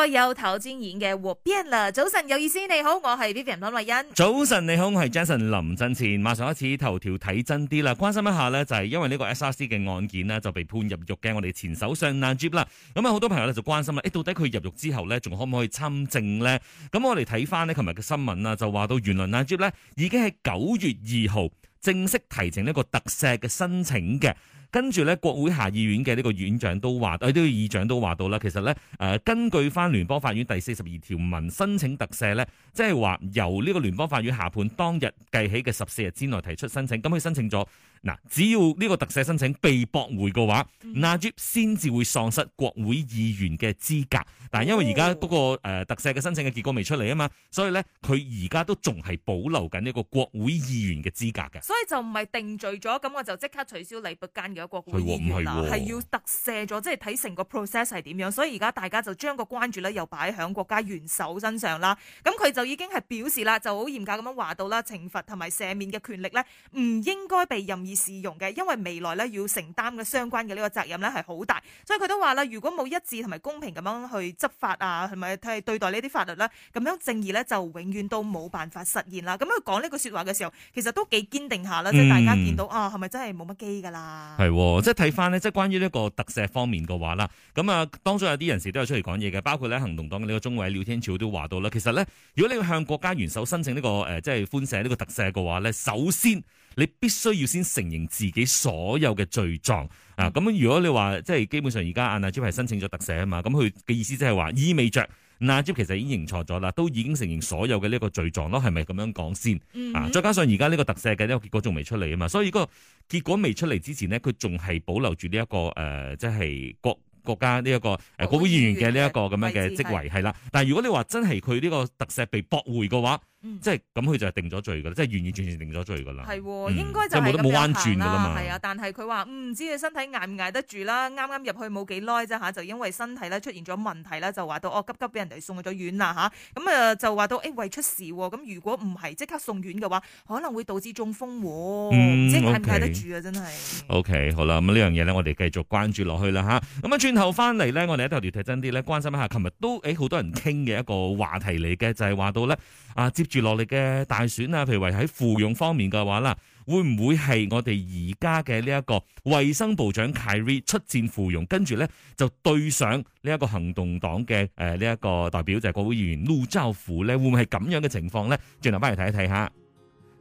我有頭尖演嘅《活變啦》，早晨有意思，你好，我係 Vivian 林慧欣。早晨你好，我係 Jason 林振前，馬上開始頭條睇真啲啦，關心一下呢，就係因為呢個 S R C 嘅案件呢，就被判入獄嘅我哋前首相 n 納吉啦。咁啊，好多朋友咧就關心啦，誒、欸，到底佢入獄之後呢，仲可唔可以參政呢？咁我哋睇翻呢，琴日嘅新聞啦，就話到原來納吉咧已經喺九月二號正式提呈呢個特赦嘅申請嘅。跟住咧，國會下議院嘅呢個院長都誒呢、這個議長都話到啦。其實咧，誒、呃、根據翻聯邦法院第四十二條文，申請特赦咧，即係話由呢個聯邦法院下判當日計起嘅十四日之內提出申請，咁、嗯、佢申請咗，嗱，只要呢個特赦申請被駁回嘅話，納吉先至會喪失國會議員嘅資格。但係因為而家嗰個、哦呃、特赦嘅申請嘅結果未出嚟啊嘛，所以咧佢而家都仲係保留緊呢個國會議員嘅資格嘅。所以就唔係定罪咗，咁我就即刻取消禮伯間嘅。有國會議員啊，係要特赦咗，即係睇成個 process 係點樣，所以而家大家就將個關注咧又擺喺國家元首身上啦。咁佢就已經係表示啦，就好嚴格咁樣話到啦，懲罰同埋赦免嘅權力咧，唔應該被任意使用嘅，因為未來咧要承擔嘅相關嘅呢個責任咧係好大。所以佢都話啦，如果冇一致同埋公平咁樣去執法啊，係咪？對待呢啲法律咧，咁樣正義咧就永遠都冇辦法實現啦。咁佢講呢句説話嘅時候，其實都幾堅定下啦，即係大家見到、嗯、啊，係咪真係冇乜機㗎啦？即係睇翻咧，即係關於呢個特赦方面嘅話啦。咁啊，當中有啲人士都有出嚟講嘢嘅，包括咧行動黨嘅呢個中委廖天照都話到啦。其實咧，如果你要向國家元首申請呢個誒，即係寬赦呢個特赦嘅話咧，首先你必須要先承認自己所有嘅罪狀啊。咁、嗯、如果你話即係基本上而家阿阿朱係申請咗特赦啊嘛，咁佢嘅意思即係話意味着。那接其實已經認錯咗啦，都已經承認所有嘅呢一個罪狀咯，係咪咁樣講先？Mm hmm. 啊，再加上而家呢個特赦嘅呢個結果仲未出嚟啊嘛，所以個結果未出嚟之前呢，佢仲係保留住呢一個誒，即、呃、係、就是、國國家呢、這、一個誒國會議員嘅呢一個咁樣嘅職位係啦。但係如果你話真係佢呢個特赦被駁回嘅話，嗯、即係咁，佢就係定咗罪噶啦，即係完完全全定咗罪噶啦。係、嗯，應該就冇彎轉噶啦。係啊，但係佢話唔知佢身體挨唔挨得住啦。啱啱入去冇幾耐啫吓，就因為身體咧出現咗問題啦，就話到哦急急俾人哋送去咗院啦吓。咁啊，啊就話到誒為、欸、出事，咁、啊、如果唔係即刻送院嘅話，可能會導致中風，唔知挨唔挨得住啊，okay, 真係的。O、okay, K，好啦，咁、嗯、呢樣嘢呢，我哋繼續關注落去啦吓。咁啊轉頭翻嚟呢，我哋一條條睇真啲咧，關心一下。琴日都誒好、欸、多人傾嘅一個話題嚟嘅，就係、是、話到咧啊接。住落嚟嘅大選啊，譬如話喺芙蓉方面嘅話啦，會唔會係我哋而家嘅呢一個衛生部長 Kerry 出戰芙蓉，跟住咧就對上呢一個行動黨嘅誒呢一個代表就係、是、國會議員陸兆福咧，會唔會係咁樣嘅情況咧？轉頭翻嚟睇一睇下，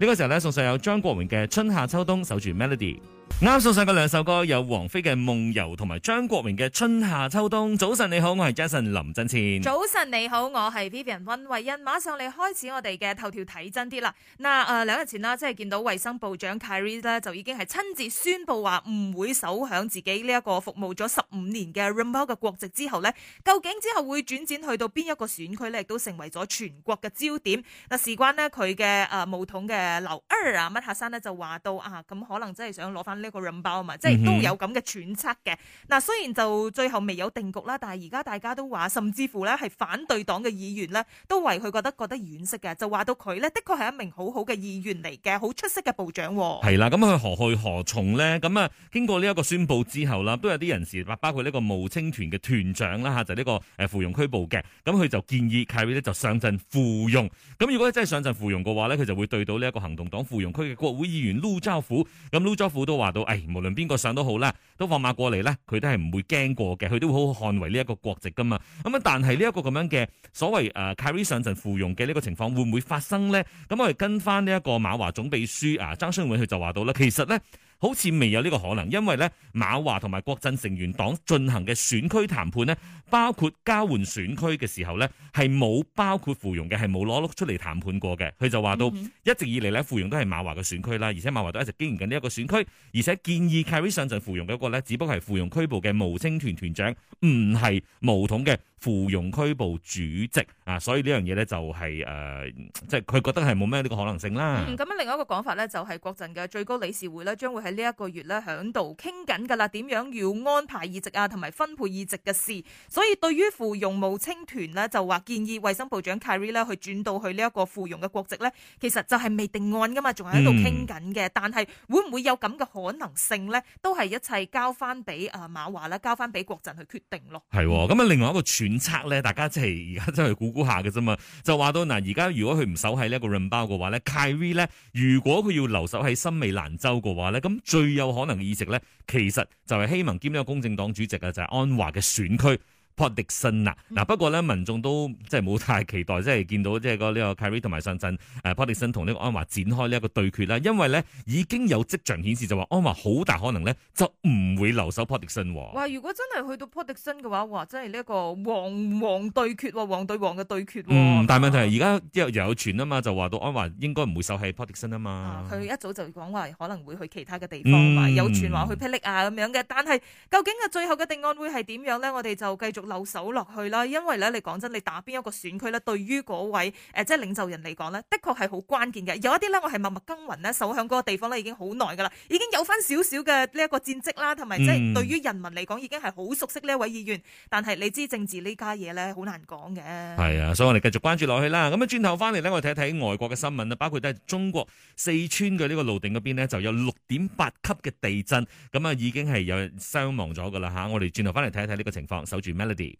呢個時候咧送上有張國榮嘅春夏秋冬守住 Melody。啱，送上嘅兩首歌有王菲嘅《夢遊》同埋張國榮嘅《春夏秋冬》。早晨你好，我係 Jason 林振千。早晨你好，我係 Vivian 温慧欣。馬上你開始我哋嘅頭條睇真啲啦。嗱，誒兩日前啦，即係見到衛生部長 Kerry 咧就已經係親自宣布話唔會守響自己呢一個服務咗十五年嘅 Remo b 嘅國籍之後咧，究竟之後會轉戰去到邊一個選區咧，亦都成為咗全國嘅焦點。嗱，事關咧佢嘅誒務統嘅劉爾啊乜下山咧就話到啊，咁、啊、可能真係想攞返。呢一個 r 包啊嘛，即係都有咁嘅揣測嘅。嗱，雖然就最後未有定局啦，但係而家大家都話，甚至乎咧係反對黨嘅議員咧，都為佢覺得覺得惋惜嘅，就話到佢咧，的確係一名好好嘅議員嚟嘅，好出色嘅部長。係啦，咁佢何去何從呢？咁啊，經過呢一個宣佈之後啦，都有啲人士話，包括呢個巫青團嘅團長啦吓就係呢個誒芙蓉區部嘅，咁佢就建議凱里呢就上陣芙蓉。咁如果真係上陣芙蓉嘅話咧，佢就會對到呢一個行動黨芙蓉區嘅國會議員陸兆福，咁陸兆福都話。話到，誒、哎，無論邊個上都好啦，都放馬過嚟咧，佢都係唔會驚過嘅，佢都會好好捍衛呢一個國席噶嘛。咁啊，但係呢一個咁樣嘅所謂誒，Carrie、呃、上陣芙蓉嘅呢個情況會唔會發生咧？咁、嗯、我哋跟翻呢一個馬華總秘書啊，張雙永佢就話到啦，其實咧。好似未有呢個可能，因為咧，馬華同埋國陣成員黨進行嘅選區談判咧，包括交換選區嘅時候咧，係冇包括芙蓉嘅，係冇攞碌出嚟談判過嘅。佢就話到一直以嚟咧，芙蓉都係馬華嘅選區啦，而且馬華都一直經營緊呢一個選區，而且建議 carry 上陣芙蓉嘅一個咧，只不過係芙蓉區部嘅巫青團團長，唔係巫統嘅芙蓉區部主席啊，所以呢樣嘢咧就係誒即係佢覺得係冇咩呢個可能性啦。咁樣、嗯、另外一個講法咧，就係國陣嘅最高理事會咧，將會，呢一個月咧，喺度傾緊噶啦，點樣要安排議席啊，同埋分配議席嘅事。所以對於芙蓉巫青團呢，就話建議衛生部長 Kerry 咧去轉到去呢一個芙蓉嘅國席呢，其實就係未定案噶嘛，仲係喺度傾緊嘅。嗯、但係會唔會有咁嘅可能性呢？都係一切交翻俾啊馬華咧，交翻俾國陣去決定咯。係咁啊，另外一個揣測呢，大家即係而家真係估估下嘅啫嘛。就話到嗱，而、呃、家如果佢唔守喺呢一個 Rembau 嘅話呢，Kerry 呢，如果佢要留守喺森美蘭州嘅話呢。咁。最有可能嘅議席咧，其實就係希盟兼呢個公正黨主席啊，就係、是、安華嘅選區。波迪森啊，嗱不過咧，民眾都即係冇太期待，即係見到即係個呢個 Kerry 同埋上陣誒波迪森同呢個安華展開呢一個對決啦，因為咧已經有跡象顯示就話安華好大可能咧就唔會留守波迪森。話如果真係去到波迪森嘅話，話真係呢一個王王對決喎，王對王嘅對決。嗯、是嗎，但係問題係而家又又有傳啊嘛，就話到安華應該唔會受氣波迪森啊嘛。佢、啊、一早就講話可能會去其他嘅地方、嗯、有傳話去霹靂啊咁樣嘅，但係究竟嘅最後嘅定案會係點樣咧？我哋就繼續。留守落去啦，因為咧，你講真，你打邊一個選區咧，對於嗰位誒、呃，即係領袖人嚟講呢，的確係好關鍵嘅。有一啲呢，我係默默耕耘呢守喺嗰個地方已經好耐噶啦，已經有翻少少嘅呢一點的個戰績啦，同埋即係對於人民嚟講，已經係好熟悉呢一位議員。但係你知政治呢家嘢呢，好難講嘅。係啊，所以我哋繼續關注落去啦。咁啊，轉頭翻嚟呢，我睇一睇外國嘅新聞，包括都係中國四川嘅呢個瀘定嗰邊呢，就有六點八級嘅地震，咁啊，已經係有傷亡咗噶啦吓。我哋轉頭翻嚟睇一睇呢個情況，守住。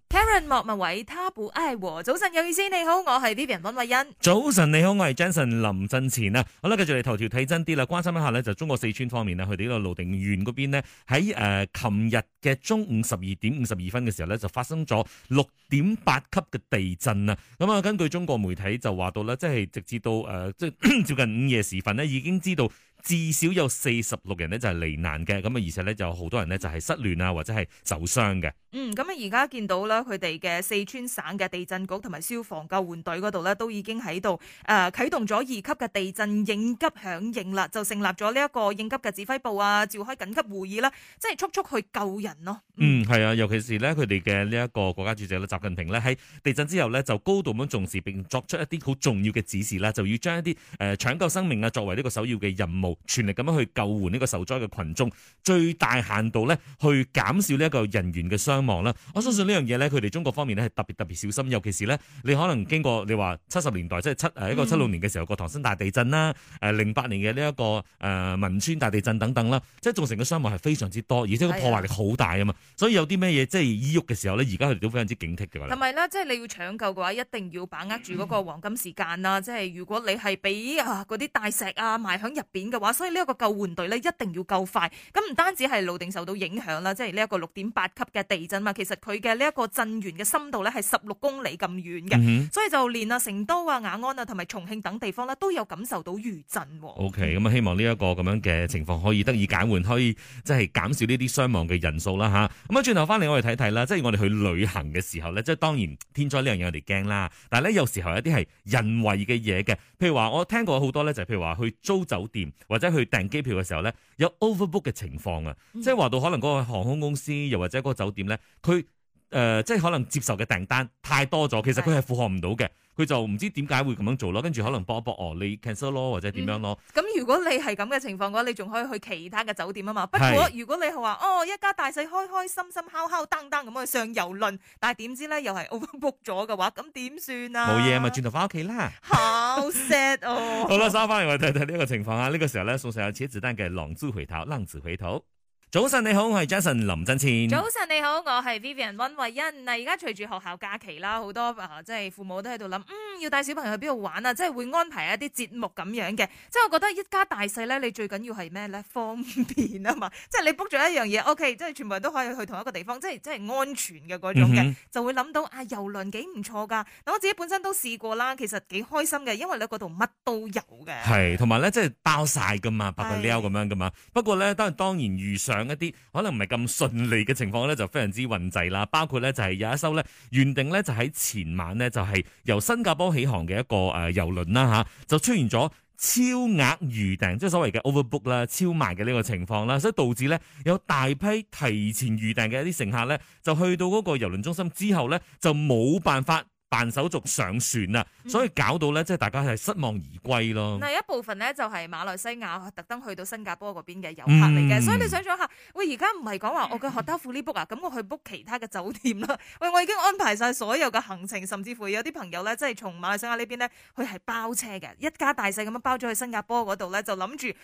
Karen 莫文偉，他不哀和。早晨有意思，你好，我係 Vivian 溫慧欣。早晨你好，我係 Jason 林振前啊。好啦，繼續嚟頭條睇真啲啦，關心一下咧，就中國四川方面啦，佢哋呢個瀘定縣嗰邊呢，喺誒琴日嘅中午十二點五十二分嘅時候咧，就發生咗六點八級嘅地震啊。咁啊，根據中國媒體就話到咧，即係直至到誒、呃，即係接近午夜時分呢，已經知道。至少有四十六人呢就係罹難嘅，咁啊，而且呢就好多人呢就係失聯啊，或者係受傷嘅。嗯，咁啊，而家見到呢佢哋嘅四川省嘅地震局同埋消防救援隊嗰度呢都已經喺度誒啟動咗二級嘅地震應急響應啦，就成立咗呢一個應急嘅指揮部啊，召開緊急會議啦，即係速速去救人咯。嗯，係啊、嗯，尤其是呢佢哋嘅呢一個國家主席咧，習近平呢喺地震之後呢就高度咁重視，並作出一啲好重要嘅指示啦，就要將一啲誒搶救生命啊作為呢個首要嘅任務。全力咁樣去救援呢個受災嘅群眾，最大限度咧去減少呢一個人員嘅傷亡啦。我相信呢樣嘢咧，佢哋中國方面咧係特別特別小心，尤其是咧，你可能經過你話七十年代即係七誒一個七六年嘅時候個、嗯、唐山大地震啦，誒零八年嘅呢一個誒汶川大地震等等啦，即係造成嘅傷亡係非常之多，而且個破壞力好大啊嘛。的所以有啲咩嘢即係移郁嘅時候咧，而家佢哋都非常之警惕嘅。係咪咧？即、就、係、是、你要搶救嘅話，一定要把握住嗰個黃金時間啦。即係、嗯、如果你係俾啊嗰啲大石啊埋響入邊話，所以呢一個救援隊呢一定要夠快，咁唔單止係瀘定受到影響啦，即係呢一個六點八級嘅地震，其實佢嘅呢一個震源嘅深度呢係十六公里咁遠嘅，嗯、哼所以就連啊成都啊雅安啊同埋重慶等地方都有感受到餘震。O K，咁啊希望呢一個咁樣嘅情況可以得以減緩，可以即係減少呢啲傷亡嘅人數啦吓。咁啊轉頭翻嚟我哋睇睇啦，即係我哋去旅行嘅時候呢，即係當然天災呢樣嘢我哋驚啦，但係呢，有時候有啲係人為嘅嘢嘅，譬如話我聽過好多呢，就係譬如話去租酒店。或者去訂機票嘅時候咧，有 overbook 嘅情況啊，即係話到可能嗰個航空公司，又或者嗰個酒店咧，佢。誒、呃，即係可能接受嘅訂單太多咗，其實佢係負荷唔到嘅，佢、嗯、就唔知點解會咁樣做咯。跟住可能搏一搏，哦、啊，你 cancel 咯，或者點樣咯、嗯。咁如果你係咁嘅情況嘅話，你仲可以去其他嘅酒店啊嘛。不過如果你係話，哦，一家大細開開心心敲敲呯呯咁去上郵輪，但係點知咧又係 overbook 咗嘅話，咁點算啊？冇嘢咪轉頭翻屋企啦。 好 sad 哦。 好啦，收翻嚟睇睇呢個情況啊。呢、這個時候咧，送上錢子彈嘅浪子回頭，浪子回頭。早晨你好，我係 Jason 林振千。早晨你好，我係 Vivian 溫慧欣。嗱，而家隨住學校假期啦，好多即係父母都喺度諗，嗯，要帶小朋友去邊度玩啊？即係會安排一啲節目咁樣嘅。即係我覺得一家大細咧，你最緊要係咩咧？方便啊嘛！即係你 book 咗一樣嘢，OK，即係全部人都可以去同一個地方，即係即係安全嘅嗰種嘅，嗯、哼就會諗到啊，遊輪幾唔錯噶。我自己本身都試過啦，其實幾開心嘅，因為喺嗰度乜都有嘅。係，同埋咧，即係包晒噶嘛，八個 L 咁樣噶嘛。是不過咧，都係當然遇上。上一啲可能唔係咁順利嘅情況咧，就非常之混滯啦。包括咧就係有一艘咧原定咧就喺前晚咧就係由新加坡起航嘅一個誒遊輪啦吓，就出現咗超額預訂，即係所謂嘅 overbook 啦，超賣嘅呢個情況啦，所以導致咧有大批提前預訂嘅一啲乘客咧，就去到嗰個遊輪中心之後咧，就冇辦法辦手續上船啊，所以搞到咧，即係大家係失望而歸咯。另一部分呢，就係馬來西亞特登去到新加坡嗰邊嘅遊客嚟嘅，嗯、所以你想想下，喂，而家唔係講話我嘅荷包富呢 book 啊，咁我去 book 其他嘅酒店咯。喂，我已經安排晒所有嘅行程，甚至乎有啲朋友咧，即係從馬來西亞呢邊呢，佢係包車嘅，一家大細咁樣包咗去新加坡嗰度咧，就諗住開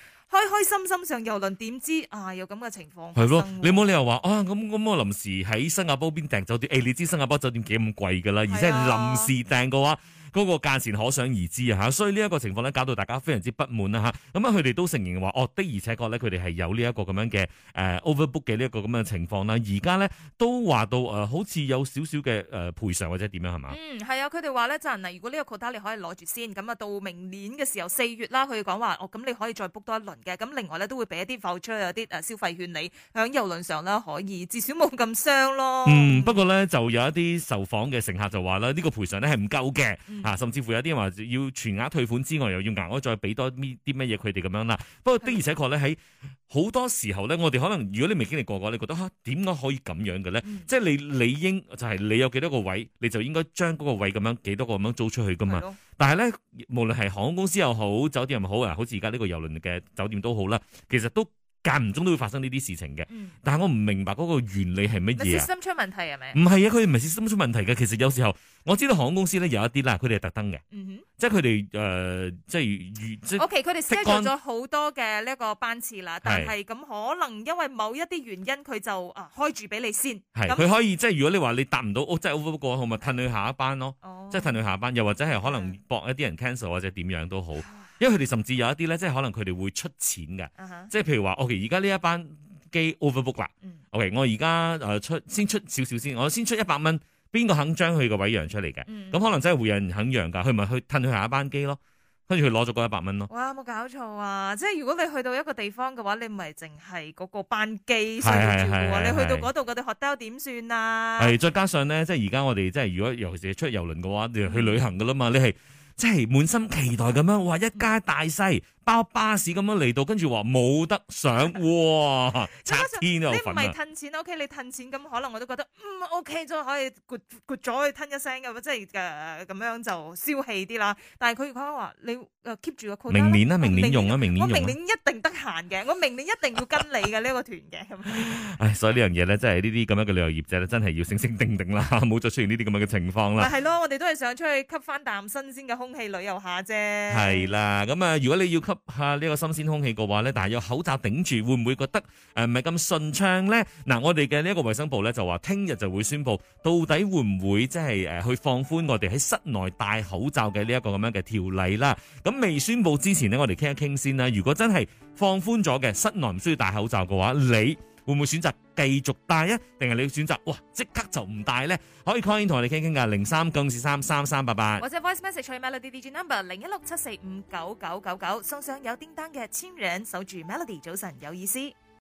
開心心上遊輪，點知啊有咁嘅情況。係咯，你冇理由話啊咁咁我臨時喺新加坡邊訂酒店，誒、哎、你知新加坡酒店幾咁貴噶啦，而且臨時訂嘅話。嗰個價錢可想而知啊，吓，所以呢一個情況咧，搞到大家非常之不滿啦，吓，咁啊，佢哋都承認話，哦的，的，而且確咧，佢哋係有呢一個咁樣嘅 overbook 嘅呢一個咁樣嘅情況啦。而家咧都話到、呃、好似有少少嘅誒賠償或者點樣係嘛？嗯，係啊，佢哋話咧就係嗱，如果呢個 quota 你可以攞住先，咁啊到明年嘅時候四月啦，佢哋講話哦，咁你可以再 book 多一輪嘅。咁另外咧都會俾一啲浮出有啲消費券你喺郵輪上啦，可以至少冇咁傷咯。嗯，不過咧就有一啲受訪嘅乘客就話呢個賠償咧係唔夠嘅。嗯啊、甚至乎有啲話要全額退款之外，又要額外再俾多啲乜嘢佢哋咁樣啦。不過的而且確咧，喺好的多時候咧，我哋可能如果你未經歷過嘅話，你覺得嚇點解可以咁樣嘅咧？嗯、即係你理應就係你有幾多個位，你就應該將嗰個位咁樣幾多個咁樣租出去噶嘛。的但係咧，無論係航空公司又好，酒店又好啊，好似而家呢個遊輪嘅酒店都好啦，其實都。間唔中都會發生呢啲事情嘅，嗯、但係我唔明白嗰個原理係乜嘢啊？小心出問題係咪？唔係啊，佢唔係心出問題嘅。其實有時候我知道航空公司咧有一啲啦，佢哋係特登嘅，即係佢哋誒，即係即係。O.K. 佢哋 set 咗好多嘅呢一個班次啦，但係咁是可能因為某一啲原因，佢就啊開住俾你先。係佢是樣可以即係如果你話你搭唔到，即係 overbook 過，咪褪去下一班咯？哦、即係褪去下一班，又或者係可能博一啲人 cancel 或者點樣都好。因為佢哋甚至有一啲咧，即係可能佢哋會出錢嘅，uh huh. 即係譬如話，O K，而家呢一班機 overbook 啦，O K，我而家誒出先出少少先，我先出一百蚊，邊個肯將佢個位讓出嚟嘅？咁、uh huh. 可能真係會有人肯讓噶，佢咪去吞佢下一班機咯，跟住佢攞咗嗰一百蚊咯。哇，冇搞錯啊！即係如果你去到一個地方嘅話，你唔係淨係嗰個班機需要注意嘅，是是是是是你去到嗰度，我哋學得點算啊？係再加上咧，即係而家我哋即係如果尤其是出遊輪嘅話，你去旅行噶啦嘛，你係。即係滿心期待咁樣，話一家大細包巴士咁樣嚟到，跟住話冇得上，哇！拆天啊！你唔係褪錢，O K，你褪錢，咁可能我都覺得嗯 O K，都可以 g 咗去吞一聲嘅，即係嘅咁樣就消氣啲啦。但係佢如果話你誒 keep 住個，明年啦、啊，明年用啊，明年用定、啊行嘅，我明年一定要跟你嘅呢 個團嘅。唉、 哎，所以呢樣嘢咧，即係呢啲咁樣嘅旅遊業者咧，真係要省省定定啦，冇再出現呢啲咁樣嘅情況啦。係咯，我哋都係想出去吸翻啖新鮮嘅空氣旅遊下啫。係啦，咁啊，如果你要吸下呢個新鮮空氣嘅話咧，但係有口罩頂住，會唔會覺得誒唔係咁順暢咧？嗱、呃，我哋嘅呢一個衛生部咧就話，聽日就會宣布到底會唔會即係誒去放寬我哋喺室內戴口罩嘅呢一個咁樣嘅條例啦。咁未宣布之前呢，我哋傾一傾先啦。如果真係放寬咗嘅，室內唔需要戴口罩嘅話，你會唔會選擇繼續戴啊？定係你會選擇哇即刻就唔戴咧？可以 call in 同我哋傾傾㗎，零三更二三三三八八或者 voice message 喺 Melody Digi Number 零一六七四五九九九九，9，送上有叮噹嘅簽名，守住 Melody 早晨有意思。